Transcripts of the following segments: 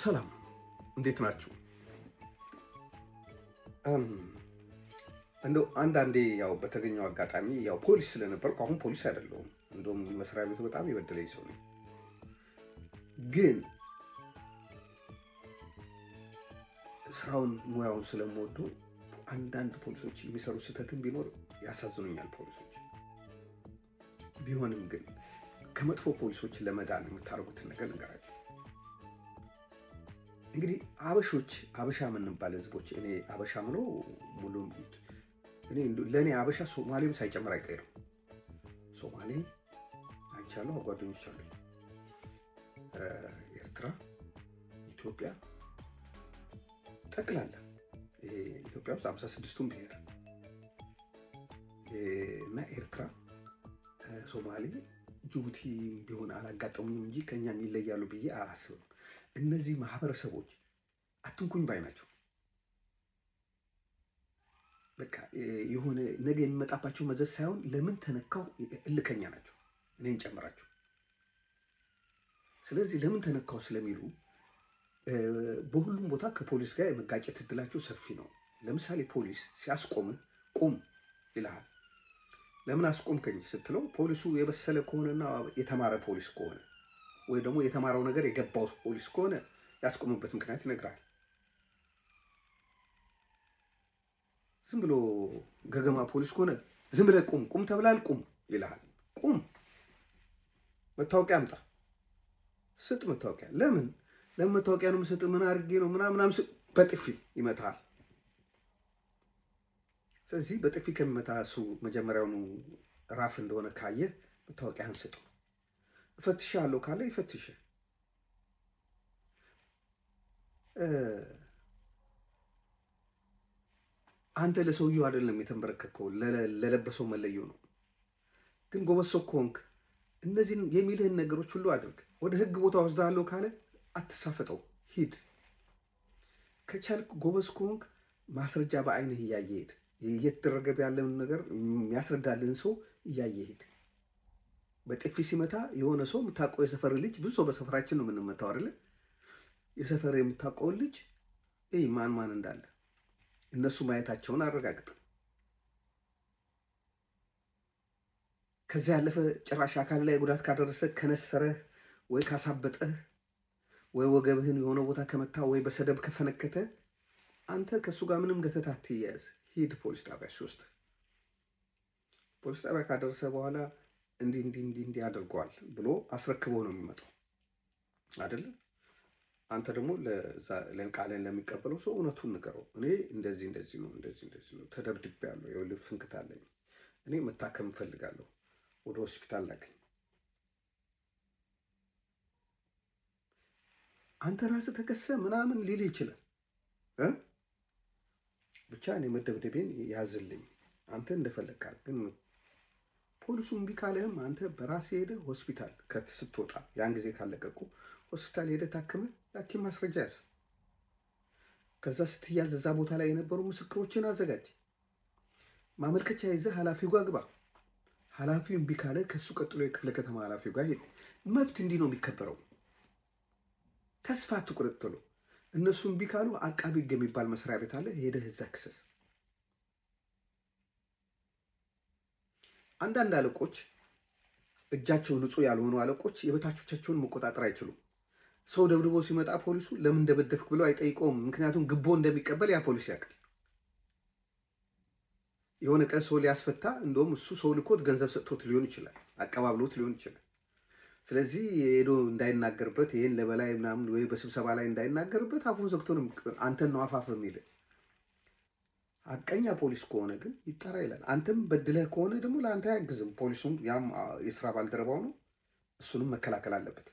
ሰላም እንዴት ናችሁ? እንደው አንዳንዴ ያው በተገኘው አጋጣሚ ያው ፖሊስ ስለነበርኩ አሁን ፖሊስ አይደለሁም። እንደውም መስሪያ ቤቱ በጣም የበደለኝ ሰው ነው። ግን ስራውን ሙያውን ስለምወዱ አንዳንድ ፖሊሶች የሚሰሩ ስህተትን ቢኖር ያሳዝኑኛል። ፖሊሶች ቢሆንም ግን ከመጥፎ ፖሊሶች ለመዳን የምታደርጉትን ነገር ንገራቸው። እንግዲህ አበሾች አበሻ የምንባል ህዝቦች እኔ አበሻ ምኖ ሙሉ ለእኔ አበሻ ሶማሌም ሳይጨምር አይቀሩ ሶማሌ አይቻለሁ፣ ጓደኞች አሉ፣ ኤርትራ፣ ኢትዮጵያ ጠቅላላ ኢትዮጵያ ውስጥ ሃምሳ ስድስቱን ብሄር እና ኤርትራ፣ ሶማሌ፣ ጅቡቲ ቢሆን አላጋጠሙኝም እንጂ ከኛም ይለያሉ ብዬ አላስብም። እነዚህ ማህበረሰቦች አትንኩኝ ባይ ናቸው። በቃ የሆነ ነገ የሚመጣባቸው መዘዝ ሳይሆን ለምን ተነካው እልከኛ ናቸው፣ እኔን ጨምራቸው። ስለዚህ ለምን ተነካው ስለሚሉ በሁሉም ቦታ ከፖሊስ ጋር የመጋጨት እድላቸው ሰፊ ነው። ለምሳሌ ፖሊስ ሲያስቆምህ ቁም ይልሃል። ለምን አስቆምከኝ ስትለው ፖሊሱ የበሰለ ከሆነና የተማረ ፖሊስ ከሆነ ወይ ደግሞ የተማረው ነገር የገባው ፖሊስ ከሆነ ያስቆሙበት ምክንያት ይነግራል። ዝም ብሎ ገገማ ፖሊስ ከሆነ ዝም ብለህ ቁም ቁም ተብላል፣ ቁም ይልሃል። ቁም መታወቂያ አምጣ፣ ስጥ መታወቂያ። ለምን ለምን መታወቂያ ነው የምሰጥ? ምን አድርጌ ነው ምናምናም፣ በጥፊ ይመታል? ስለዚህ በጥፊ ከሚመታ እሱ መጀመሪያውኑ ራፍ እንደሆነ ካየ መታወቂያህን ስጡ። እፈትሻለሁ ካለ ይፈትሽ። አንተ ለሰውየው አይደለም የተንበረከከው ለለበሰው መለየው ነው። ግን ጎበዝ ሰው ከሆንክ እነዚህን የሚልህን ነገሮች ሁሉ አድርግ። ወደ ህግ ቦታ ወስዳለሁ ካለ አትሳፈጠው፣ ሂድ። ከቻልክ ጎበዝ ከሆንክ ማስረጃ በአይንህ እያየ ሂድ። እየተደረገ ያለውን ነገር የሚያስረዳልን ሰው እያየ ሄድ። በጥፊ ሲመታ የሆነ ሰው የምታውቀው የሰፈር ልጅ ብዙ ሰው በሰፈራችን ነው የምንመታው አይደለ? የሰፈር የምታውቀውን ልጅ ይህ ማን ማን እንዳለ እነሱ ማየታቸውን አረጋግጥ። ከዚያ ያለፈ ጭራሽ አካል ላይ ጉዳት ካደረሰ ከነሰረህ ወይ ካሳበጠህ ወይ ወገብህን የሆነ ቦታ ከመታ፣ ወይ በሰደብ ከፈነከተ አንተ ከእሱ ጋር ምንም ገተታ ትያያዝ ሂድ ፖሊስ ጣቢያ ሶስት ፖሊስ ጣቢያ ካደረሰ በኋላ እንዲህ እንዲህ እንዲህ እንዲህ አድርጓል ብሎ አስረክበው ነው የሚመጣው አይደለም። አንተ ደግሞ ቃልን ለሚቀበለው ሰው እውነቱን ንገረው። እኔ እንደዚህ እንደዚህ ነው እንደዚህ እንደዚህ ነው ያለው የወሊድ ፍንክት አለኝ፣ እኔ መታከም እፈልጋለሁ፣ ወደ ሆስፒታል ላከኝ። አንተ ራስህ ተከሰ ምናምን ሊል ይችላል። ብቻ እኔ መደብደቤን ያዝልኝ፣ አንተ እንደፈለግካል ግን ፖሊሱ እምቢ ካለህም አንተ በራሴ ሄደህ ሆስፒታል ከት ስትወጣ ያን ጊዜ ካለቀቁ ሆስፒታል ሄደህ ታክመህ ሐኪም ማስረጃ ያዝ። ከዛ ስትያዝ እዛ ቦታ ላይ የነበሩ ምስክሮችን አዘጋጅ። ማመልከቻ ይዘህ ኃላፊው ጋር ግባ። ኃላፊው እምቢ ካለ ከእሱ ቀጥሎ የክፍለ ከተማ ኃላፊው ጋር ሄድ። መብት እንዲህ ነው የሚከበረው። ተስፋ አትቁረጥ። እነሱ እምቢ ካሉ አቃቢ ሕግ የሚባል መስሪያ ቤት አለ። ሄደህ እዛ ክሰስ። አንዳንድ አለቆች እጃቸው ንጹህ ያልሆኑ አለቆች የበታቾቻቸውን መቆጣጠር አይችሉም። ሰው ደብድቦ ሲመጣ ፖሊሱ ለምን ደበደፍክ ብለው አይጠይቀውም። ምክንያቱም ግቦ እንደሚቀበል ያ ፖሊስ ያውቃል። የሆነ ቀን ሰው ሊያስፈታ እንደውም እሱ ሰው ልኮት ገንዘብ ሰጥቶት ሊሆን ይችላል፣ አቀባብሎት ሊሆን ይችላል። ስለዚህ ሄዶ እንዳይናገርበት ይህን ለበላይ ምናምን ወይ በስብሰባ ላይ እንዳይናገርበት አፉን ዘግቶ አንተን ነው አፋፍ የሚልህ ሀቀኛ ፖሊስ ከሆነ ግን ይጠራ ይላል። አንተም በድለህ ከሆነ ደግሞ ለአንተ አያግዝም። ፖሊሱም ያም የስራ ባልደረባው ነው፣ እሱንም መከላከል አለበት።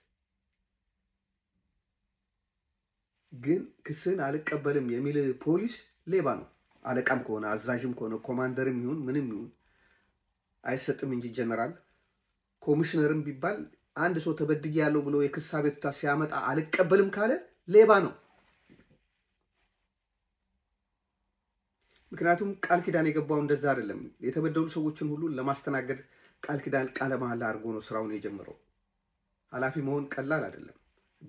ግን ክስህን አልቀበልም የሚል ፖሊስ ሌባ ነው። አለቃም ከሆነ አዛዥም ከሆነ ኮማንደርም ይሁን ምንም ይሁን አይሰጥም እንጂ ጀነራል ኮሚሽነርም ቢባል አንድ ሰው ተበድጌ ያለው ብሎ የክስ አቤቱታ ሲያመጣ አልቀበልም ካለ ሌባ ነው። ምክንያቱም ቃል ኪዳን የገባው እንደዛ አይደለም። የተበደሉ ሰዎችን ሁሉ ለማስተናገድ ቃል ኪዳን ቃለ መሐላ አድርጎ ነው ስራውን የጀመረው። ኃላፊ መሆን ቀላል አይደለም።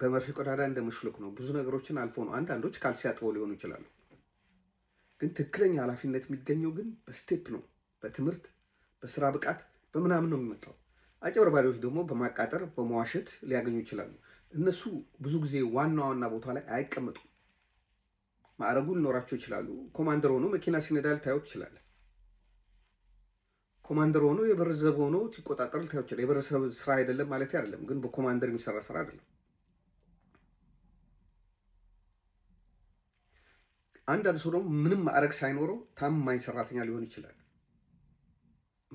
በመርፌ ቆዳዳ እንደመሽለክ ነው። ብዙ ነገሮችን አልፎ ነው። አንዳንዶች ካል ሲያጥበው ሊሆኑ ይችላሉ። ግን ትክክለኛ ኃላፊነት የሚገኘው ግን በስቴፕ ነው። በትምህርት በስራ ብቃት በምናምን ነው የሚመጣው። አጭበርባሪዎች ደግሞ በማቃጠር በመዋሸት ሊያገኙ ይችላሉ። እነሱ ብዙ ጊዜ ዋና ዋና ቦታ ላይ አይቀመጡም። ማዕረጉ ሊኖራቸው ይችላሉ። ኮማንደር ሆኖ መኪና ሲነዳ ልታየው ትችላለህ። ኮማንደር ሆኖ የህብረተሰብ ሆኖ ሲቆጣጠር ልታየው ይችላል። የህብረተሰብ ስራ አይደለም ማለት አይደለም፣ ግን በኮማንደር የሚሰራ ስራ አይደለም። አንዳንድ ሰው ደግሞ ምንም ማዕረግ ሳይኖረው ታማኝ ሰራተኛ ሊሆን ይችላል።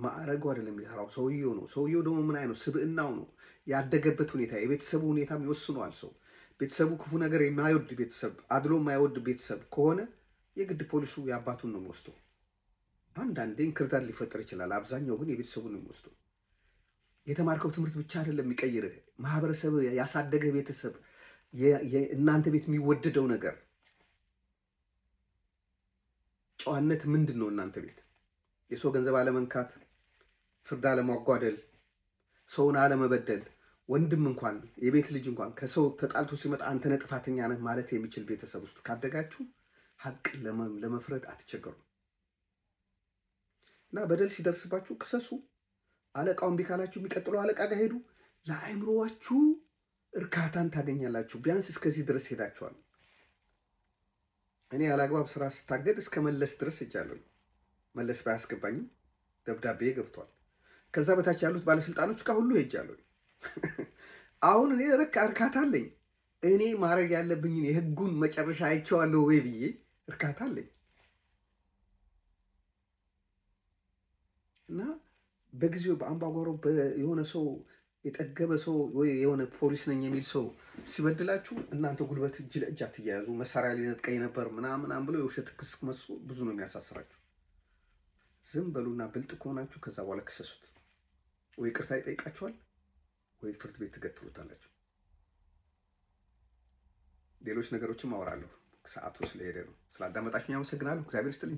ማዕረጉ አይደለም የሚሰራው ሰውየው ነው። ሰውየው ደግሞ ምን አይነት ነው? ስብዕናው ነው። ያደገበት ሁኔታ፣ የቤተሰቡ ሁኔታም ይወስነዋል ሰው ቤተሰቡ ክፉ ነገር የማይወድ ቤተሰብ፣ አድሎ የማይወድ ቤተሰብ ከሆነ የግድ ፖሊሱ የአባቱን ነው ወስዶ። አንዳንዴ እንክርዳድ ሊፈጠር ይችላል። አብዛኛው ግን የቤተሰቡን ነው የተማርከው ትምህርት ብቻ አይደለም የሚቀይር ማህበረሰብ ያሳደገ ቤተሰብ፣ እናንተ ቤት የሚወደደው ነገር ጨዋነት ምንድን ነው? እናንተ ቤት የሰው ገንዘብ አለመንካት፣ ፍርድ አለማጓደል፣ ሰውን አለመበደል ወንድም እንኳን የቤት ልጅ እንኳን ከሰው ተጣልቶ ሲመጣ አንተ ነህ ጥፋተኛ ነህ ማለት የሚችል ቤተሰብ ውስጥ ካደጋችሁ ሀቅ ለመፍረድ አትቸገሩም እና በደል ሲደርስባችሁ ክሰሱ። አለቃው እምቢ ካላችሁ የሚቀጥለው አለቃ ጋር ሄዱ። ለአእምሮዋችሁ እርካታን ታገኛላችሁ። ቢያንስ እስከዚህ ድረስ ሄዳችኋል። እኔ ያለአግባብ ስራ ስታገድ እስከ መለስ ድረስ ሄጃለሁ። መለስ ባያስገባኝም ደብዳቤ ገብቷል። ከዛ በታች ያሉት ባለስልጣኖች ጋር ሁሉ ሄጃለሁ። አሁን እኔ በቃ እርካታ አለኝ። እኔ ማድረግ ያለብኝን የህጉን መጨረሻ አይቼዋለሁ ወይ ብዬ እርካታ አለኝ እና በጊዜው በአምባጓሮ የሆነ ሰው የጠገበ ሰው ወይ የሆነ ፖሊስ ነኝ የሚል ሰው ሲበድላችሁ እናንተ ጉልበት እጅ ለእጅ አትያያዙ። መሳሪያ ሊነጥቀኝ ነበር ምናምናም ብለው የውሸት ክስ መስሎ ብዙ ነው የሚያሳስራችሁ። ዝም በሉና ብልጥ ከሆናችሁ ከዛ በኋላ ክሰሱት ወይ ቅርታ ይጠይቃችኋል ወይ ፍርድ ቤት ትገትሉታለች። ሌሎች ነገሮችም አወራለሁ። ሰዓቱ ስለሄደ ነው። ስላዳመጣችሁኝ አመሰግናለሁ። እግዚአብሔር ይስጥልኝ።